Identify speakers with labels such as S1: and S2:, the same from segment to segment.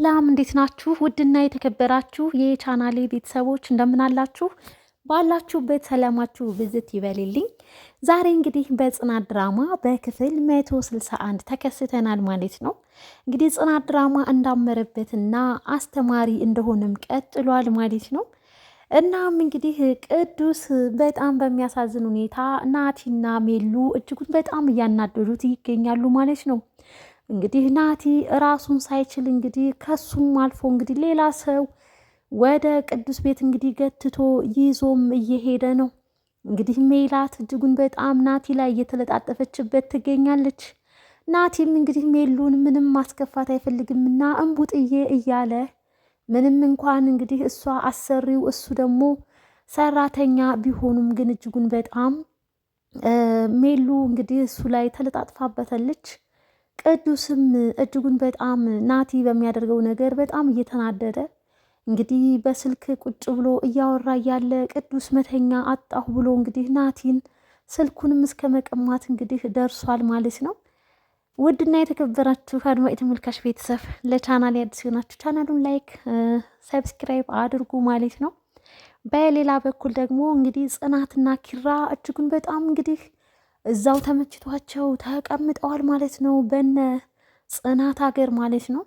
S1: ሰላም እንዴት ናችሁ? ውድና የተከበራችሁ የቻናሌ ቤተሰቦች እንደምናላችሁ ባላችሁበት ሰላማችሁ ብዝት ይበልልኝ። ዛሬ እንግዲህ በጽናት ድራማ በክፍል 161 ተከስተናል ማለት ነው። እንግዲህ ጽናት ድራማ እንዳመረበትና አስተማሪ እንደሆነም ቀጥሏል ማለት ነው። እናም እንግዲህ ቅዱስ በጣም በሚያሳዝን ሁኔታ ናቲና ሜሉ እጅጉን በጣም እያናደዱት ይገኛሉ ማለት ነው። እንግዲህ ናቲ ራሱን ሳይችል እንግዲህ ከሱም አልፎ እንግዲህ ሌላ ሰው ወደ ቅዱስ ቤት እንግዲህ ገትቶ ይዞም እየሄደ ነው። እንግዲህ ሜላት እጅጉን በጣም ናቲ ላይ እየተለጣጠፈችበት ትገኛለች። ናቲም እንግዲህ ሜሉን ምንም ማስከፋት አይፈልግምና እምቡጥዬ እያለ ምንም እንኳን እንግዲህ እሷ አሰሪው እሱ ደግሞ ሰራተኛ ቢሆኑም ግን እጅጉን በጣም ሜሉ እንግዲህ እሱ ላይ ተለጣጥፋበታለች። ቅዱስም እጅጉን በጣም ናቲ በሚያደርገው ነገር በጣም እየተናደደ እንግዲህ በስልክ ቁጭ ብሎ እያወራ እያለ ቅዱስ መተኛ አጣሁ ብሎ እንግዲህ ናቲን ስልኩንም እስከ መቀማት እንግዲህ ደርሷል ማለት ነው። ውድና የተከበራችሁ አድማጭ ተመልካች ቤተሰብ ለቻናል አዲስ የሆናችሁ ቻናሉን ላይክ፣ ሰብስክራይብ አድርጉ ማለት ነው። በሌላ በኩል ደግሞ እንግዲህ ጽናትና ኪራ እጅጉን በጣም እንግዲህ እዛው ተመችቷቸው ተቀምጠዋል ማለት ነው፣ በነ ጽናት ሀገር ማለት ነው።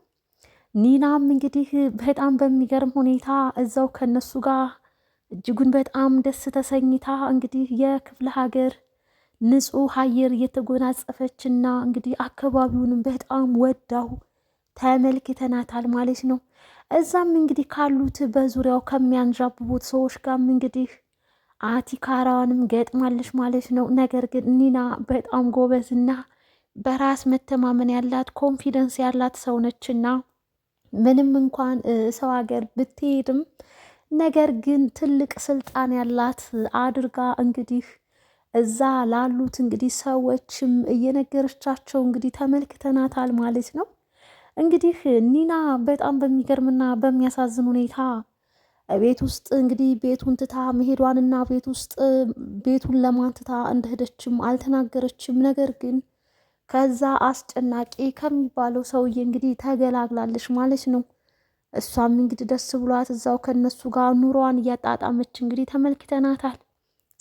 S1: ኒናም እንግዲህ በጣም በሚገርም ሁኔታ እዛው ከነሱ ጋር እጅጉን በጣም ደስ ተሰኝታ እንግዲህ የክፍለ ሀገር ንጹህ አየር እየተጎናጸፈች እና እንግዲህ አካባቢውንም በጣም ወዳው ተመልክተናታል ማለት ነው። እዛም እንግዲህ ካሉት በዙሪያው ከሚያንዣብቡት ሰዎች ጋርም እንግዲህ አቲካራዋንም ገጥማለች ማለት ነው። ነገር ግን ኒና በጣም ጎበዝና በራስ መተማመን ያላት ኮንፊደንስ ያላት ሰው ነችና ምንም እንኳን ሰው ሀገር ብትሄድም ነገር ግን ትልቅ ስልጣን ያላት አድርጋ እንግዲህ እዛ ላሉት እንግዲህ ሰዎችም እየነገረቻቸው እንግዲህ ተመልክተናታል ማለት ነው። እንግዲህ ኒና በጣም በሚገርምና በሚያሳዝን ሁኔታ ቤት ውስጥ እንግዲህ ቤቱን ትታ መሄዷንና ቤት ውስጥ ቤቱን ለማንትታ እንደሄደችም አልተናገረችም። ነገር ግን ከዛ አስጨናቂ ከሚባለው ሰውዬ እንግዲህ ተገላግላለች ማለት ነው። እሷም እንግዲህ ደስ ብሏት እዛው ከነሱ ጋር ኑሯን እያጣጣመች እንግዲህ ተመልክተናታል።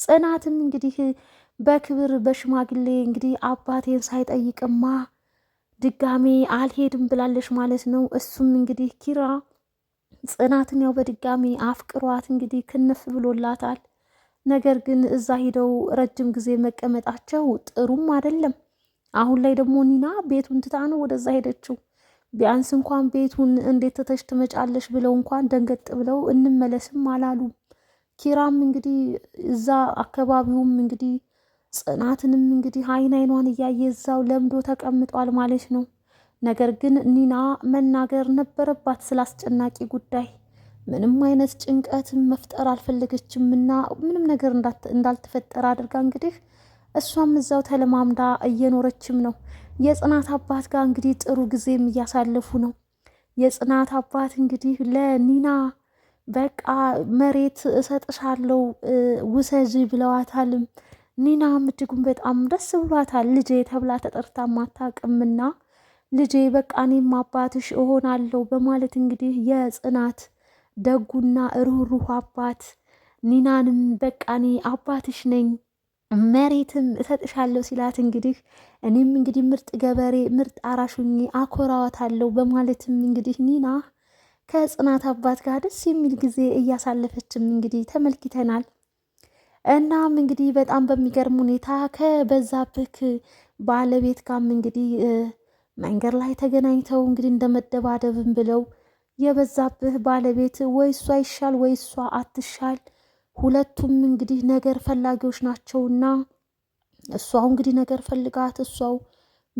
S1: ጽናትም እንግዲህ በክብር በሽማግሌ እንግዲህ አባቴን ሳይጠይቅማ ድጋሜ አልሄድም ብላለች ማለት ነው። እሱም እንግዲህ ኪራ ጽናትን ያው በድጋሚ አፍቅሯት እንግዲህ ክንፍ ብሎላታል። ነገር ግን እዛ ሂደው ረጅም ጊዜ መቀመጣቸው ጥሩም አይደለም። አሁን ላይ ደግሞ ኒና ቤቱን ትታ ነው ወደዛ ሄደችው። ቢያንስ እንኳን ቤቱን እንዴት ትተሽ ትመጫለሽ ብለው እንኳን ደንገጥ ብለው እንመለስም አላሉ። ኪራም እንግዲህ እዛ አካባቢውም እንግዲህ ጽናትንም እንግዲህ አይን አይኗን እያየ እዛው ለምዶ ተቀምጧል ማለት ነው። ነገር ግን ኒና መናገር ነበረባት ስለ አስጨናቂ ጉዳይ። ምንም አይነት ጭንቀት መፍጠር አልፈለገችም እና ምንም ነገር እንዳልተፈጠረ አድርጋ እንግዲህ እሷም እዛው ተለማምዳ እየኖረችም ነው። የጽናት አባት ጋር እንግዲህ ጥሩ ጊዜም እያሳለፉ ነው። የጽናት አባት እንግዲህ ለኒና በቃ መሬት እሰጥሻለው ውሰጂ ብለዋታልም። ኒናም እጅጉን በጣም ደስ ብሏታል። ልጄ ተብላ ተጠርታ ማታቅምና ልጄ በቃ እኔም አባትሽ እሆናለሁ በማለት እንግዲህ የጽናት ደጉና ሩህሩህ አባት ኒናንም በቃ እኔ አባትሽ ነኝ መሬትም እሰጥሻለሁ ሲላት እንግዲህ እኔም እንግዲህ ምርጥ ገበሬ ምርጥ አራሹኝ አኮራዋታለሁ በማለትም እንግዲህ ኒና ከጽናት አባት ጋር ደስ የሚል ጊዜ እያሳለፈችም እንግዲህ ተመልክተናል። እናም እንግዲህ በጣም በሚገርም ሁኔታ ከበዛብህ ባለቤት ጋርም እንግዲህ መንገድ ላይ ተገናኝተው እንግዲህ እንደመደባደብም ብለው የበዛብህ ባለቤት ወይ እሷ ይሻል ወይ እሷ አትሻል፣ ሁለቱም እንግዲህ ነገር ፈላጊዎች ናቸውና እሷው እንግዲህ ነገር ፈልጋት እሷው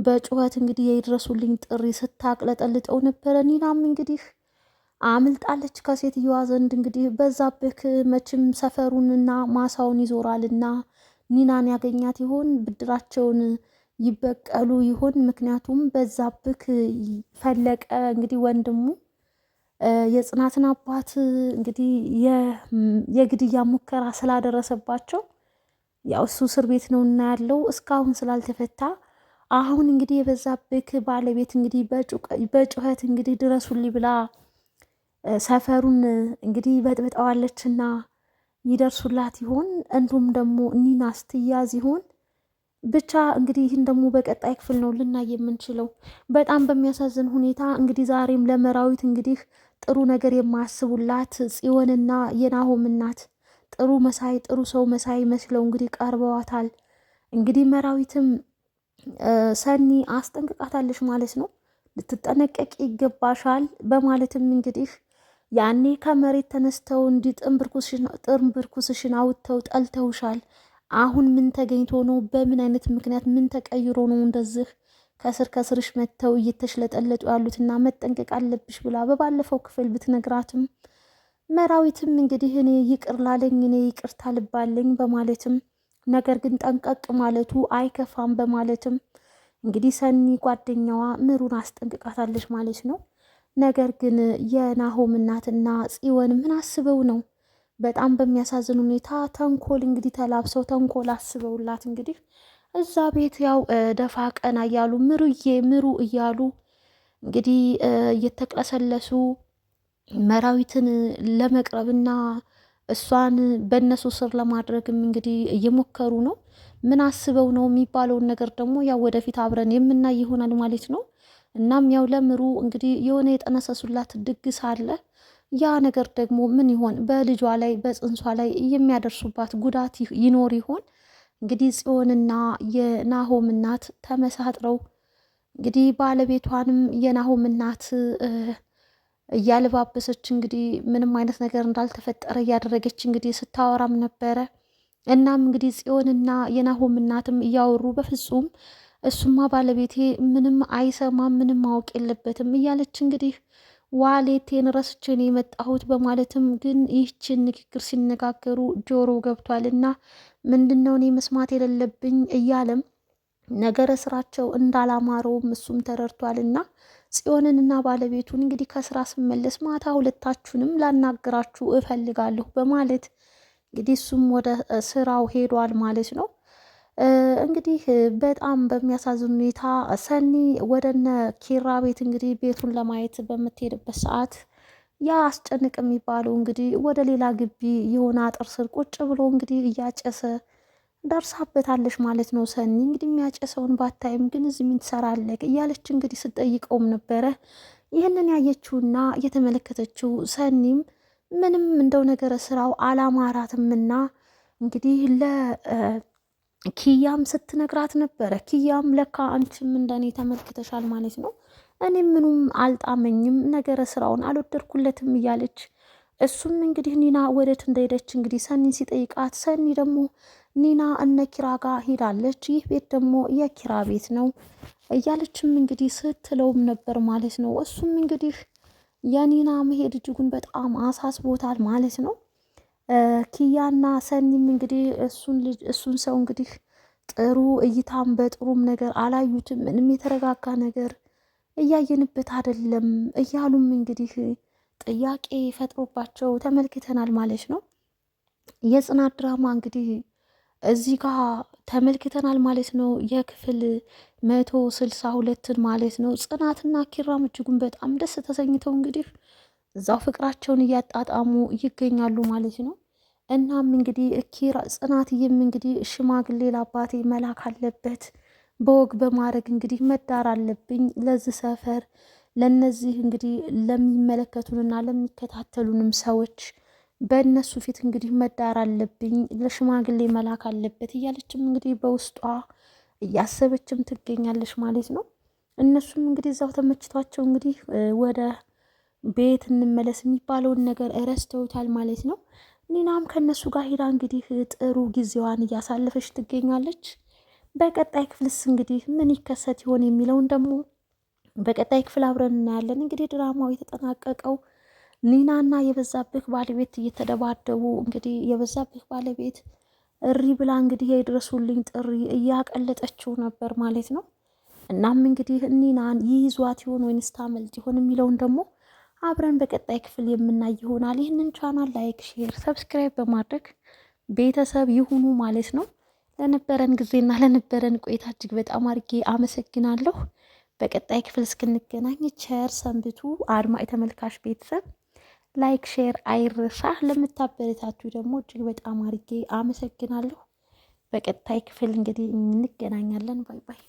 S1: በጩኸት እንግዲህ የይድረሱልኝ ጥሪ ስታቅለጠልጠው ነበረ። ኒናም እንግዲህ አምልጣለች ከሴትየዋ ዘንድ። እንግዲህ በዛብህ መቼም ሰፈሩንና ማሳውን ይዞራልና ኒናን ያገኛት ይሆን ብድራቸውን ይበቀሉ ይሆን? ምክንያቱም በዛብክ ፈለቀ እንግዲህ ወንድሙ የጽናትን አባት እንግዲህ የግድያ ሙከራ ስላደረሰባቸው ያው እሱ እስር ቤት ነው እና ያለው እስካሁን ስላልተፈታ አሁን እንግዲህ የበዛብህ ባለቤት እንግዲህ በጩኸት እንግዲህ ድረሱልኝ ብላ ሰፈሩን እንግዲህ በጥብጠዋለችና ይደርሱላት ይሆን? እንዲሁም ደግሞ ኒናስ ትያዝ ይሆን? ብቻ እንግዲህ ይህን ደግሞ በቀጣይ ክፍል ነው ልናይ የምንችለው። በጣም በሚያሳዝን ሁኔታ እንግዲህ ዛሬም ለመራዊት እንግዲህ ጥሩ ነገር የማያስቡላት ጽዮንና የናሆም እናት ጥሩ መሳይ ጥሩ ሰው መሳይ መስለው እንግዲህ ቀርበዋታል። እንግዲህ መራዊትም ሰኒ አስጠንቅቃታለች ማለት ነው። ልትጠነቀቂ ይገባሻል በማለትም እንግዲህ ያኔ ከመሬት ተነስተው እንዲህ ጥንብርኩስሽን አውጥተው ጠልተውሻል አሁን ምን ተገኝቶ ነው? በምን አይነት ምክንያት ምን ተቀይሮ ነው እንደዚህ ከስር ከስርሽ መጥተው እየተሽለጠለጡ ያሉትና መጠንቀቅ አለብሽ ብላ በባለፈው ክፍል ብትነግራትም መራዊትም እንግዲህ እኔ ይቅር ላለኝ እኔ ይቅርታ ልባለኝ በማለትም ነገር ግን ጠንቀቅ ማለቱ አይከፋም በማለትም እንግዲህ ሰኒ ጓደኛዋ ምሩን አስጠንቅቃታለች ማለት ነው። ነገር ግን የናሆም እናትና ጽዮን ምን አስበው ነው በጣም በሚያሳዝን ሁኔታ ተንኮል እንግዲህ ተላብሰው ተንኮል አስበውላት እንግዲህ እዛ ቤት ያው ደፋ ቀና እያሉ ምሩዬ ምሩ እያሉ እንግዲህ እየተቅለሰለሱ መራዊትን ለመቅረብና እሷን በእነሱ ስር ለማድረግም እንግዲህ እየሞከሩ ነው። ምን አስበው ነው የሚባለውን ነገር ደግሞ ያው ወደፊት አብረን የምናይ ይሆናል ማለት ነው። እናም ያው ለምሩ እንግዲህ የሆነ የጠነሰሱላት ድግስ አለ። ያ ነገር ደግሞ ምን ይሆን? በልጇ ላይ በጽንሷ ላይ የሚያደርሱባት ጉዳት ይኖር ይሆን? እንግዲህ ጽዮንና የናሆም እናት ተመሳጥረው እንግዲህ ባለቤቷንም የናሆም እናት እያለባበሰች እንግዲህ ምንም አይነት ነገር እንዳልተፈጠረ እያደረገች እንግዲህ ስታወራም ነበረ። እናም እንግዲህ ጽዮንና የናሆም እናትም እያወሩ በፍጹም እሱማ ባለቤቴ ምንም አይሰማም፣ ምንም ማወቅ የለበትም እያለች እንግዲህ ዋሌቴን ረስቼን የመጣሁት በማለትም ግን ይህችን ንግግር ሲነጋገሩ ጆሮ ገብቷል እና ምንድን ነው እኔ መስማት የሌለብኝ እያለም ነገረ ስራቸው እንዳላማረውም እሱም ተረድቷል እና ጽዮንንና ባለቤቱን እንግዲህ ከስራ ስመለስ ማታ ሁለታችሁንም ላናግራችሁ እፈልጋለሁ በማለት እንግዲህ እሱም ወደ ስራው ሄዷል ማለት ነው። እንግዲህ በጣም በሚያሳዝን ሁኔታ ሰኒ ወደነ ኪራ ቤት እንግዲህ ቤቱን ለማየት በምትሄድበት ሰዓት ያ አስጨንቅ የሚባለው እንግዲህ ወደ ሌላ ግቢ የሆነ አጥር ስር ቁጭ ብሎ እንግዲህ እያጨሰ ደርሳበታለች ማለት ነው። ሰኒ እንግዲህ የሚያጨሰውን ባታይም ግን እዚህ ምን ትሰራለህ እያለች እንግዲህ ስጠይቀውም ነበረ። ይህንን ያየችውና የተመለከተችው ሰኒም ምንም እንደው ነገረ ስራው አላማራትምና እንግዲህ ለ ኪያም ስትነግራት ነበረ። ኪያም ለካ አንቺም እንደኔ ተመልክተሻል ማለት ነው፣ እኔ ምኑም አልጣመኝም፣ ነገረ ስራውን አልወደድኩለትም እያለች እሱም እንግዲህ ኒና ወደት እንደሄደች እንግዲህ ሰኒን ሲጠይቃት፣ ሰኒ ደግሞ ኒና እነ ኪራ ጋር ሄዳለች፣ ይህ ቤት ደግሞ የኪራ ቤት ነው እያለችም እንግዲህ ስትለውም ነበር ማለት ነው። እሱም እንግዲህ የኒና መሄድ እጅጉን በጣም አሳስቦታል ማለት ነው። ኪያና ሰኒም እንግዲህ እሱን ሰው እንግዲህ ጥሩ እይታም በጥሩም ነገር አላዩትም። ምንም የተረጋጋ ነገር እያየንበት አይደለም እያሉም እንግዲህ ጥያቄ ፈጥሮባቸው ተመልክተናል ማለት ነው። የጽናት ድራማ እንግዲህ እዚህ ጋር ተመልክተናል ማለት ነው። የክፍል መቶ ስልሳ ሁለትን ማለት ነው። ጽናትና ኪራም እጅጉን በጣም ደስ ተሰኝተው እንግዲህ እዛው ፍቅራቸውን እያጣጣሙ ይገኛሉ ማለት ነው። እናም እንግዲህ ኪራ ጽናትዬም እንግዲህ ሽማግሌ ለአባቴ መላክ አለበት በወግ በማድረግ እንግዲህ መዳር አለብኝ ለዚህ ሰፈር ለነዚህ እንግዲህ ለሚመለከቱንና ለሚከታተሉንም ሰዎች በእነሱ ፊት እንግዲህ መዳር አለብኝ ለሽማግሌ መላክ አለበት እያለችም እንግዲህ በውስጧ እያሰበችም ትገኛለች ማለት ነው። እነሱም እንግዲህ እዛው ተመችቷቸው እንግዲህ ወደ ቤት እንመለስ የሚባለውን ነገር ረስተውታል ማለት ነው። ኒናም ከነሱ ጋር ሄዳ እንግዲህ ጥሩ ጊዜዋን እያሳለፈች ትገኛለች። በቀጣይ ክፍልስ እንግዲህ ምን ይከሰት ይሆን የሚለውን ደግሞ በቀጣይ ክፍል አብረን እናያለን። እንግዲህ ድራማው የተጠናቀቀው ኒናና የበዛብህ ባለቤት እየተደባደቡ እንግዲህ የበዛብህ ባለቤት እሪ ብላ እንግዲህ የድረሱልኝ ጥሪ እያቀለጠችው ነበር ማለት ነው። እናም እንግዲህ ኒናን ይይዟት ይሆን ወይንስ ታመልጥ ይሆን የሚለውን ደግሞ አብረን በቀጣይ ክፍል የምናይ ይሆናል። ይህንን ቻናል ላይክ፣ ሼር፣ ሰብስክራይብ በማድረግ ቤተሰብ ይሁኑ ማለት ነው። ለነበረን ጊዜና ለነበረን ቆይታ እጅግ በጣም አድርጌ አመሰግናለሁ። በቀጣይ ክፍል እስክንገናኝ ቸር ሰንብቱ። አድማጭ ተመልካች ቤተሰብ ላይክ፣ ሼር አይርሳ። ለምታበረታችሁ ደግሞ እጅግ በጣም አድርጌ አመሰግናለሁ። በቀጣይ ክፍል እንግዲህ እንገናኛለን። ባይ ባይ።